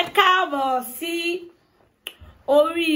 ẹ káàbọ̀ sí orí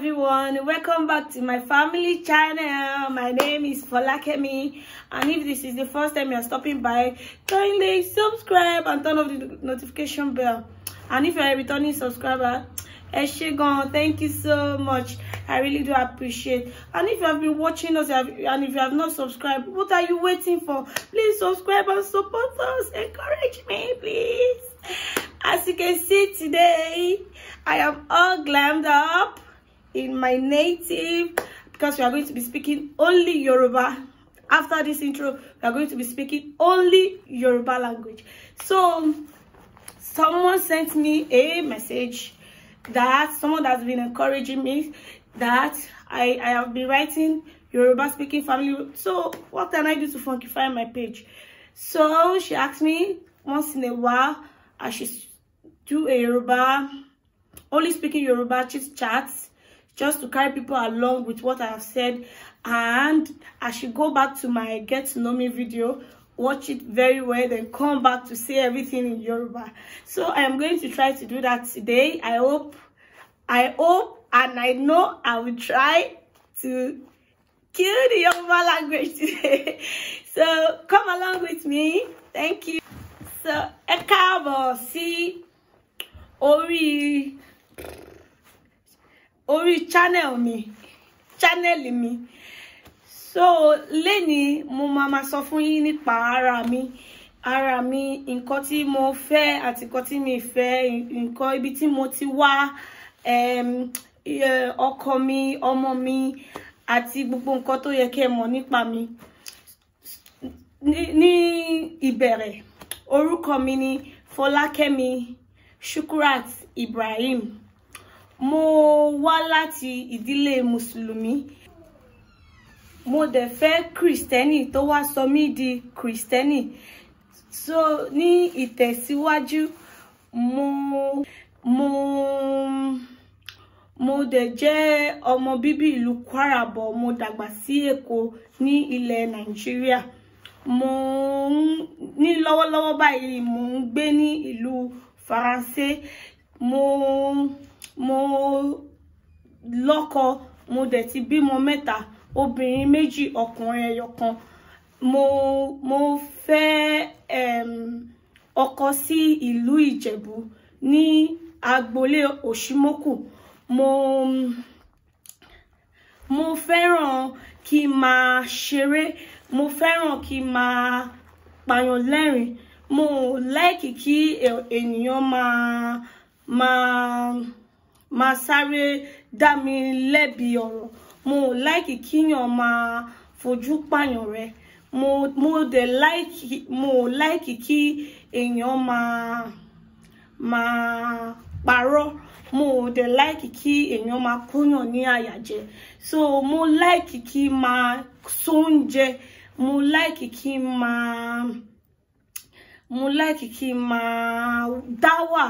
everyone welcome back to my family channel my name is Folakemi and if this is the first time you're stopping by kindly subscribe and turn off the notification bell and if you're a returning subscriber Eshegon, thank you so much. I really do appreciate. And if you have been watching us and if you have not subscribed, what are you waiting for? Please subscribe and support us. Encourage me, please. As you can see today, I am all glammed up. in my native because we are going to be speaking only Yoruba. After this intro, we are going to be speaking only Yoruba language. So, someone sent me a message that someone that's been encouraging me that I, I have been writing Yoruba speaking family. So, what can I do to funkify my page? So, she asked me once in a while, I should do a Yoruba, only speaking Yoruba chit chats just to carry people along with what I have said. And I should go back to my get to know me video, watch it very well, then come back to say everything in Yoruba. So I am going to try to do that today. I hope, I hope, and I know I will try to kill the Yoruba language today. so come along with me. Thank you. So, Ekabo, see sí orí channel mi channel mi so lẹ́ni mo máa ma sọ fún yín nípa ara mi ara mi nǹkan tí mo fẹ́ àti nǹkan tí mi fẹ́ nǹkan ibi tí mo ti wá ọkọ mi ọmọ mi àti gbogbo nǹkan tó yẹ kẹ́ mọ̀ nípa mi ní ìbẹ̀rẹ̀ orúkọ mi ni Fọlákẹ́mi Shukrat Ibrahim mo wá láti ìdílé mùsùlùmí mo dẹ̀ fẹ́ kìrìsìtẹ́nì tó wá sọ mí di kìrìsìtẹ́nì so ní ìtẹ̀síwájú mo mo mo dẹ̀ jẹ́ ọmọ bíbí ìlú Kwara bọ̀ mo dàgbà sí Èkó ní ilẹ̀ Nàìjíríà mo ń ní lọ́wọ́lọ́wọ́ báyìí mo ń gbé ní ìlú Faransé mo mo lọ́kọ mo dẹ̀ ti bímọ mẹ́ta obìnrin méjì ọkùnrin ẹyọ kan mo mo fẹ́ um, ọkọ sí ìlú Ìjẹ̀bú ní agboolé Òṣìmọ́kù mo mo fẹ́ràn kí n máa ṣeré mo fẹ́ràn kí n máa pààyàn lẹ́rìn mo láìkì kí ènìyàn máa máa máa sáré dá mi lẹ́bi ọ̀rọ̀ mo láìkì kíyàn máa fojú pààyàn rẹ mo mo dẹ̀ láìkì mo láìkì kí èèyàn máa máa parọ́ mo dẹ̀ láìkì kí èèyàn máa kóyàn ní àyà jẹ so mo láìkì kí máa sóúnjẹ mo láìkì kí máa mo láìkì kí máa dá wà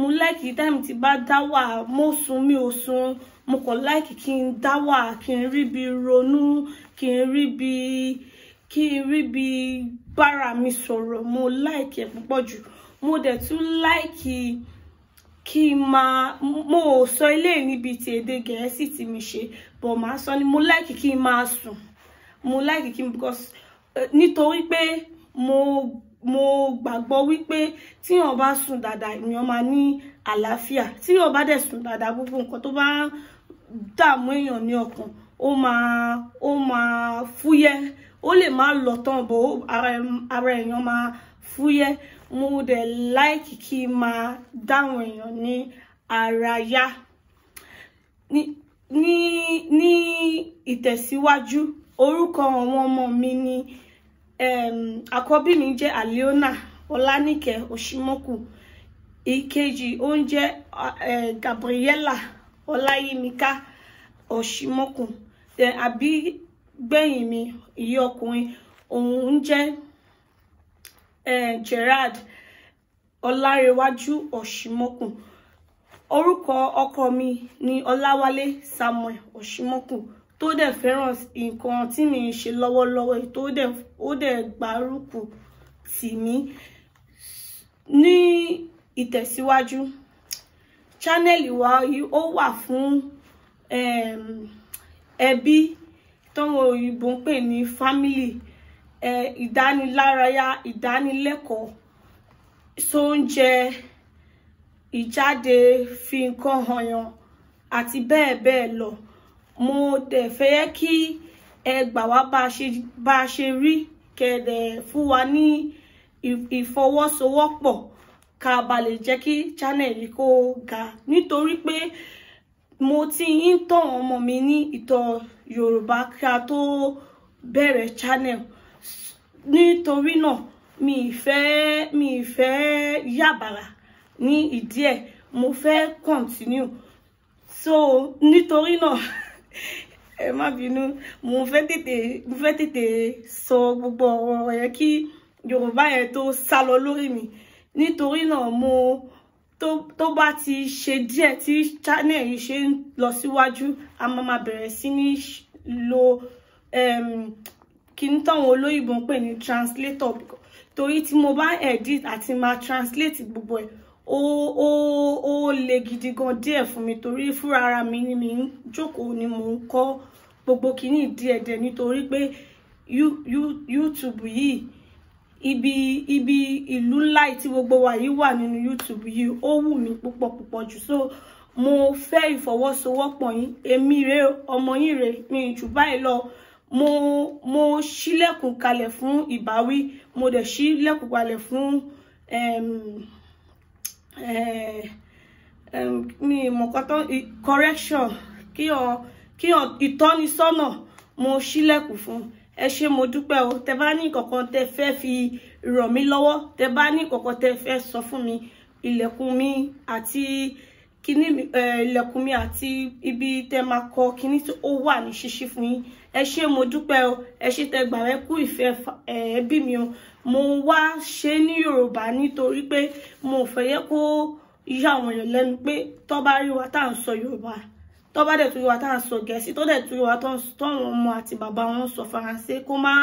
mo láìkì táìmù tí bá dá mo sùn mi ò sùn mo kàn láìkì kí n dá wà kí n rí bi ronú kí n rí bi kí n rí bi bára mi sọ̀rọ̀ mo láìkì ẹ̀ púpọ̀ jù mo dẹ̀ tún láìkì kí n máa mo ò sọ ilé níbi ti èdè gẹ̀ẹ́sì tí mi ṣe bọ̀ máa sọ ni mo láìkì kí n máa sùn mo láìkì kí n because eh, nítorí pé mo mo gbàgbọ́ wípé tíyàn bá sùn dáadáa èèyàn máa ní àlàáfíà tíyàn bá dẹ̀ sùn dáadáa gbogbo nǹkan tó bá dààmú èèyàn ní ọkàn ó máa ó máa fúyẹ́ ó lè má lọ tán bó ara èèyàn máa fúyẹ́ mo dẹ̀ láìkì kí n máa dáhùn èèyàn ní ara yá ní ní ní ìtẹ̀síwájú orúkọ àwọn ọmọ mi ni akọbini mi Aliona Ọlánìkẹ́ Oṣímọ́kù ikeji ó ń gabriela Gabriella oshimoku Oṣímọ́kù abi gbẹ̀yìn mi ìyá ọkùnrin òun ń jẹ́ Gerard olarewaju Oṣímọ́kù orúkọ ọkọ mi ni Ọláwálé Samuel oshimoku tó dẹ̀ fẹ́ràn nǹkan tí mi ń ṣe lọ́wọ́lọ́wọ́ tó dẹ̀ ó dẹ̀ gbárùkù tì mí ní ìtẹ̀síwájú channel wa yìí ó wà fún ehm, ẹbí táwọn òyìnbó ń pè ní family e, ìdánilárayá ìdánilẹ́kọ̀ọ́ sóúnjẹ ìjáde fi nǹkan hàn yàn àti bẹ́ẹ̀ bẹ́ẹ̀ lọ mo dẹ̀ fẹ́ kí ẹ gbà wá bá a ṣe rí kẹ̀dẹ̀ fún wa ní ìfọwọ́sowọ́pọ̀ ká ba lè jẹ́ kí channel yìí kó ga nítorí pé mo ti ń tàn ọmọ mi ní ìtàn Yorùbá ká tó bẹ̀rẹ̀ channel nítorí náà mi fẹ́ mi fẹ́ yàbàrà ní ìdí ẹ̀ mo fẹ́ continue so nítorí náà. ẹ má bínú mo fẹ́ tètè mo fẹ́ tètè sọ gbogbo ọ̀rọ̀ yẹn kí yorùbá yẹn tó sá lọ lórí mi nítorí náà mo tó bá ti ṣe díẹ̀ tí channel yìí ṣe ń lọ síwájú a máa ma bẹ̀rẹ̀ sí ní lo kí n táwọn olóyìnbó ń pè ní translator torí tí mo bá edit àti ma translate gbogbo ẹ̀ ó ó ó le gidi gan díẹ̀ fún mi torí fúnra ara mi ni mi ń jókòó ni mo ń kọ́ gbogbo kìíní díẹ̀ díẹ̀ nítorí pé YouTube yìí ibi ibi ìlú ńlá tí gbogbo wa yìí wà nínú YouTube yìí ó wù mí púpọ̀ púpọ̀ jù so mo fẹ́ ìfọwọ́sowọ́pọ̀ yín èmi rè ọmọ yín rè mi jù báyìí lọ mo mo ṣílẹ̀kùn kalẹ̀ fún ìbáwí mo dẹ̀ ṣílẹ̀kùn kalẹ̀ fún. Um, Eh, mi ìmọ̀kọ́tọ́ correction kí ọ kí ọ ìtọ́nisọ́nà mo ṣílẹ̀kùn fún ẹ ṣé mo dúpẹ́ o tẹ bá ní kankan tẹ fẹ́ fi ràn mí lọ́wọ́ tẹ bá ní kankan tẹ fẹ́ sọ fún mi ilẹ̀kùn mi àti kini eh, ilẹ̀kùn mi àti ibi tẹ́ máa kọ kíní tí ó wà ní ṣíṣí fún yín ẹ ṣé mo dúpẹ́ o ẹ ṣé tẹ́ gbà wẹ́ kú ìfẹ́ eh, ẹbí mi o mo wá ṣe ní Yorùbá nítorí pé mo fẹ́ yẹ kó yá àwọn èèyàn lẹ́nu pé tó bá rí wa tá à ń sọ Yorùbá tó dẹ̀ tún rí wa tá à ń sọ Gẹ̀ẹ́sì tó dẹ̀ tún rí wa táwọn ọmọ àti bàbá wọn sọ Faransé kó má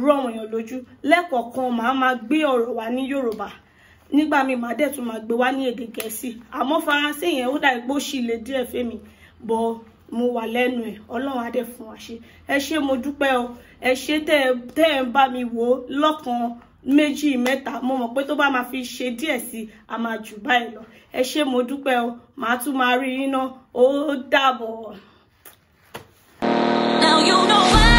rú àwọn èèyàn lójú lẹ́kọ̀ọ̀kan màá máa gbé ọ̀rọ̀ wa ní Yorùbá nígbà mi màá dẹ̀ tún máa gbé wá ní èdè gẹ̀ẹ́sì àmọ́ faransé yẹn ó dàbí pé ó ṣì díẹ̀ fẹ́mi bọ́ mo wà lẹ́nu ẹ̀ ọlọ́run á dẹ̀ fún wa ṣe ẹ ṣé mo dúpẹ́ o ẹ ṣé tẹ́ ẹ bá mi wò ó lọ́kan méjì mẹ́ta mo mọ̀ pé tó bá máa fi ṣe díẹ̀ sí a máa jù báyìí lọ ẹ ṣé mo dúpẹ́ o màá tún máa rí yín ó dàbọ̀. Now you know why.